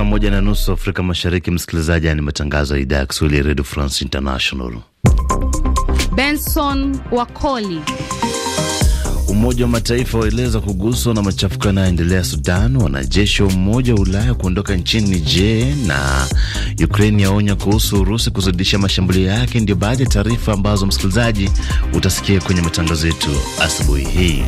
saa moja na nusu Afrika Mashariki. Msikilizaji, ni matangazo ya idhaa ya Kiswahili ya Redio France International. Benson Wakoli. Umoja wa Mataifa waeleza kuguswa na machafuko yanayoendelea Sudan. Wanajeshi wa Umoja wa Ulaya kuondoka nchini Niger na Ukraini yaonya kuhusu Urusi kuzidisha mashambulio yake. Ndio baadhi ya taarifa ambazo msikilizaji utasikia kwenye matangazo yetu asubuhi hii.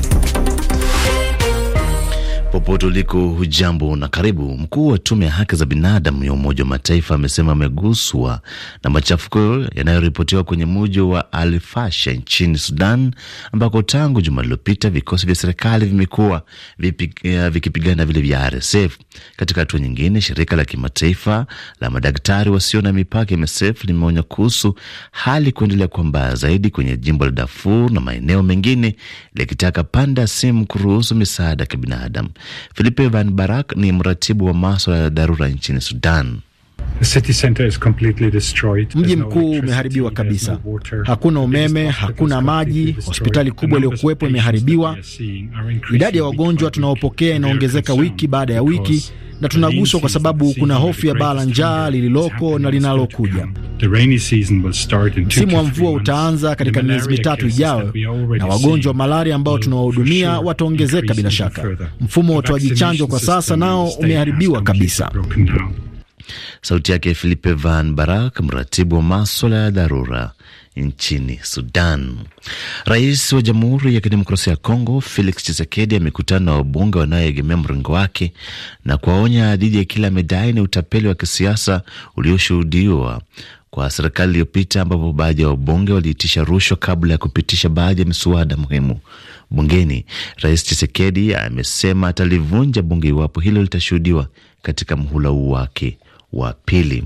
Popote uliko, hujambo na karibu. Mkuu wa tume ya haki za binadamu ya Umoja wa Mataifa amesema ameguswa na machafuko yanayoripotiwa kwenye mji wa alfasha nchini Sudan, ambako tangu juma lililopita vikosi vya serikali vimekuwa eh, vikipigana na vile vya RSF. Katika hatua nyingine, shirika la kimataifa la madaktari wasio na mipaka MSF limeonya kuhusu hali kuendelea kwa mbaya zaidi kwenye jimbo la Darfur na maeneo mengine, likitaka panda simu kuruhusu misaada ya kibinadamu. Filipe Van Barak ni mratibu wa maswala ya dharura nchini Sudan. Mji mkuu umeharibiwa kabisa, hakuna umeme, hakuna maji. Hospitali kubwa iliyokuwepo imeharibiwa. Idadi ya wagonjwa tunaopokea inaongezeka wiki baada ya wiki na tunaguswa kwa sababu kuna hofu ya baa la njaa lililoko na linalokuja. Msimu wa mvua utaanza katika miezi mitatu ijayo, na wagonjwa wa malaria ambao tunawahudumia wataongezeka bila shaka. Mfumo wa utoaji chanjo kwa sasa nao umeharibiwa kabisa. Sauti yake Filipe Van Barak, mratibu wa maswala ya dharura nchini Sudan. Rais wa Jamhuri ya Kidemokrasia ya Kongo Felix Tshisekedi amekutana na wabunge wanaoegemea mrengo wake na kuwaonya dhidi ya kila medai na utapeli wa kisiasa ulioshuhudiwa kwa serikali iliyopita ambapo baadhi ya wabunge waliitisha rushwa kabla ya kupitisha baadhi ya miswada muhimu bungeni. Rais Tshisekedi amesema atalivunja bunge iwapo hilo litashuhudiwa katika mhula huu wake wa pili.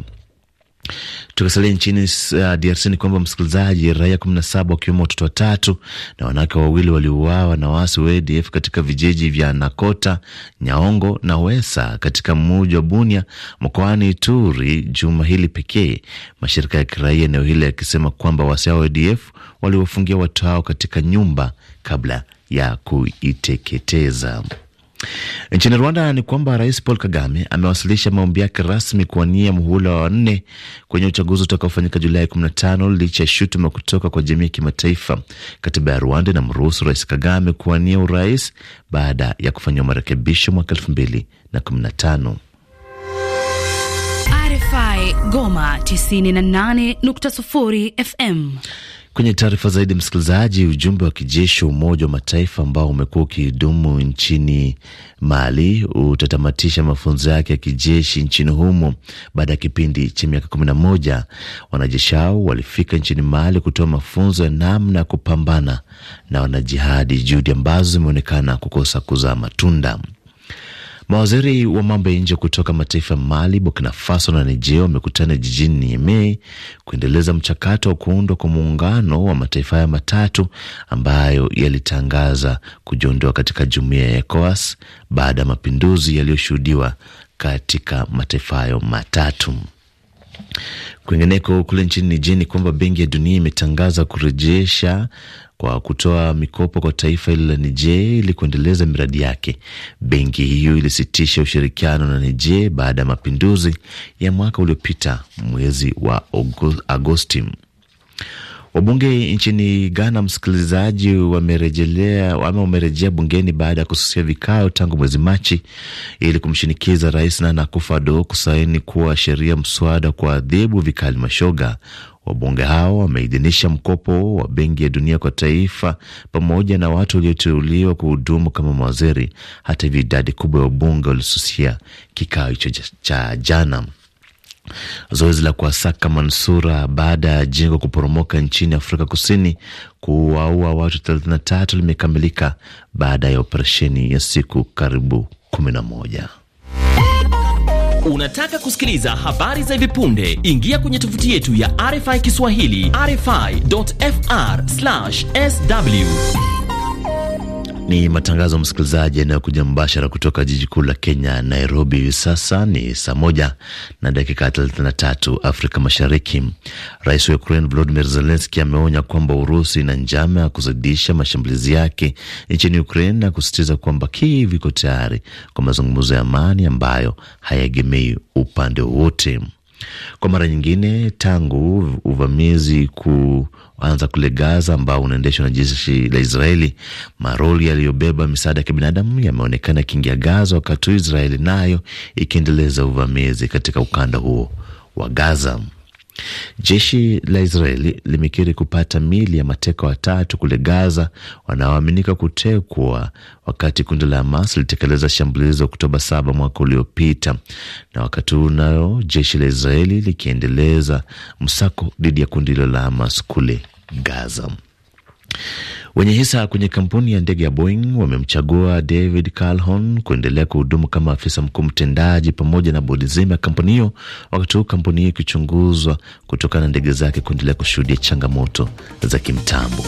Tukisalia nchini uh, DRC ni kwamba msikilizaji, raia kumi na saba wakiwemo watoto watatu na wanawake wawili waliuawa na waasi wa ADF katika vijiji vya Nakota, Nyaongo na Wesa katika mji wa Bunia mkoani Ituri juma hili pekee, mashirika ya kiraia eneo hili yakisema kwamba waasi hao wa ADF waliwafungia watu hao katika nyumba kabla ya kuiteketeza. Nchini Rwanda ni kwamba Rais Paul Kagame amewasilisha maombi yake rasmi kuwania muhula wa wanne kwenye uchaguzi utakaofanyika Julai 15 licha ya shutuma kutoka kwa jamii ya kimataifa. Katiba ya Rwanda inamruhusu Rais Kagame kuwania urais baada ya kufanyiwa marekebisho mwaka 2015. RFI Goma 98.0 FM. Kwenye taarifa zaidi, msikilizaji, ujumbe wa kijeshi wa Umoja wa Mataifa ambao umekuwa ukidumu nchini Mali utatamatisha mafunzo yake ya kijeshi nchini humo baada ya kipindi cha miaka kumi na moja. Wanajeshi hao walifika nchini Mali kutoa mafunzo ya namna ya kupambana na wanajihadi, juhudi ambazo zimeonekana kukosa kuzaa matunda. Mawaziri wa mambo ya nje kutoka mataifa ya Mali, Burkina Faso na Niger wamekutana jijini Niamey kuendeleza mchakato wa kuundwa kwa muungano wa mataifa hayo matatu ambayo yalitangaza kujiondoa katika jumuiya ya ECOWAS baada ya mapinduzi yaliyoshuhudiwa katika mataifa hayo matatu. Kwingineko kule nchini Niger ni kwamba Benki ya Dunia imetangaza kurejesha kwa kutoa mikopo kwa taifa hilo la Niger ili kuendeleza miradi yake. Benki hiyo ilisitisha ushirikiano na Niger baada ya mapinduzi ya mwaka uliopita mwezi wa Agosti. Wabunge nchini Ghana, msikilizaji, wamerejelea ama wamerejea bungeni baada ya kususia vikao tangu mwezi Machi ili kumshinikiza Rais Nana Akufo-Addo kusaini kuwa sheria mswada kwa adhibu vikali mashoga. Wabunge hao wameidhinisha mkopo wa Benki ya Dunia kwa taifa pamoja na watu walioteuliwa kuhudumu kama mawaziri. Hata hivyo, idadi kubwa ya wabunge walisusia kikao hicho cha jana. Zoezi la kuwasaka manusura baada ya jengo kuporomoka nchini Afrika Kusini kuwaua watu 33 limekamilika baada ya operesheni ya siku karibu 11. Unataka kusikiliza habari za hivi punde? Ingia kwenye tovuti yetu ya RFI Kiswahili, rfi.fr/sw ni matangazo msikilizaji, yanayokuja mbashara kutoka jiji kuu la Kenya, Nairobi. Sasa ni saa moja na dakika 33 Afrika Mashariki. Rais wa Ukraine Volodimir Zelenski ameonya kwamba Urusi ina njama ya kuzidisha mashambulizi yake nchini Ukraine na kusisitiza kwamba Kiev iko tayari kwa mazungumzo ya amani ambayo hayaegemei upande wowote. Kwa mara nyingine tangu uvamizi kuanza kule Gaza ambao unaendeshwa na jeshi la Israeli, maroli yaliyobeba misaada ya kibinadamu yameonekana yakiingia Gaza, wakati Israeli nayo ikiendeleza uvamizi katika ukanda huo wa Gaza. Jeshi la Israeli limekiri kupata mili ya mateka watatu kule Gaza wanaoaminika kutekwa wakati kundi la Hamas lilitekeleza shambulizi Oktoba saba mwaka uliopita. Na wakati huu nayo jeshi la Israeli likiendeleza msako dhidi ya kundi hilo la Hamas kule Gaza. Wenye hisa kwenye kampuni ya ndege ya Boeing wamemchagua David Calhoun kuendelea kuhudumu kama afisa mkuu mtendaji pamoja na bodi zima ya kampuni hiyo, wakati huu kampuni hiyo ikichunguzwa kutokana na ndege zake kuendelea kushuhudia changamoto za kimtambo.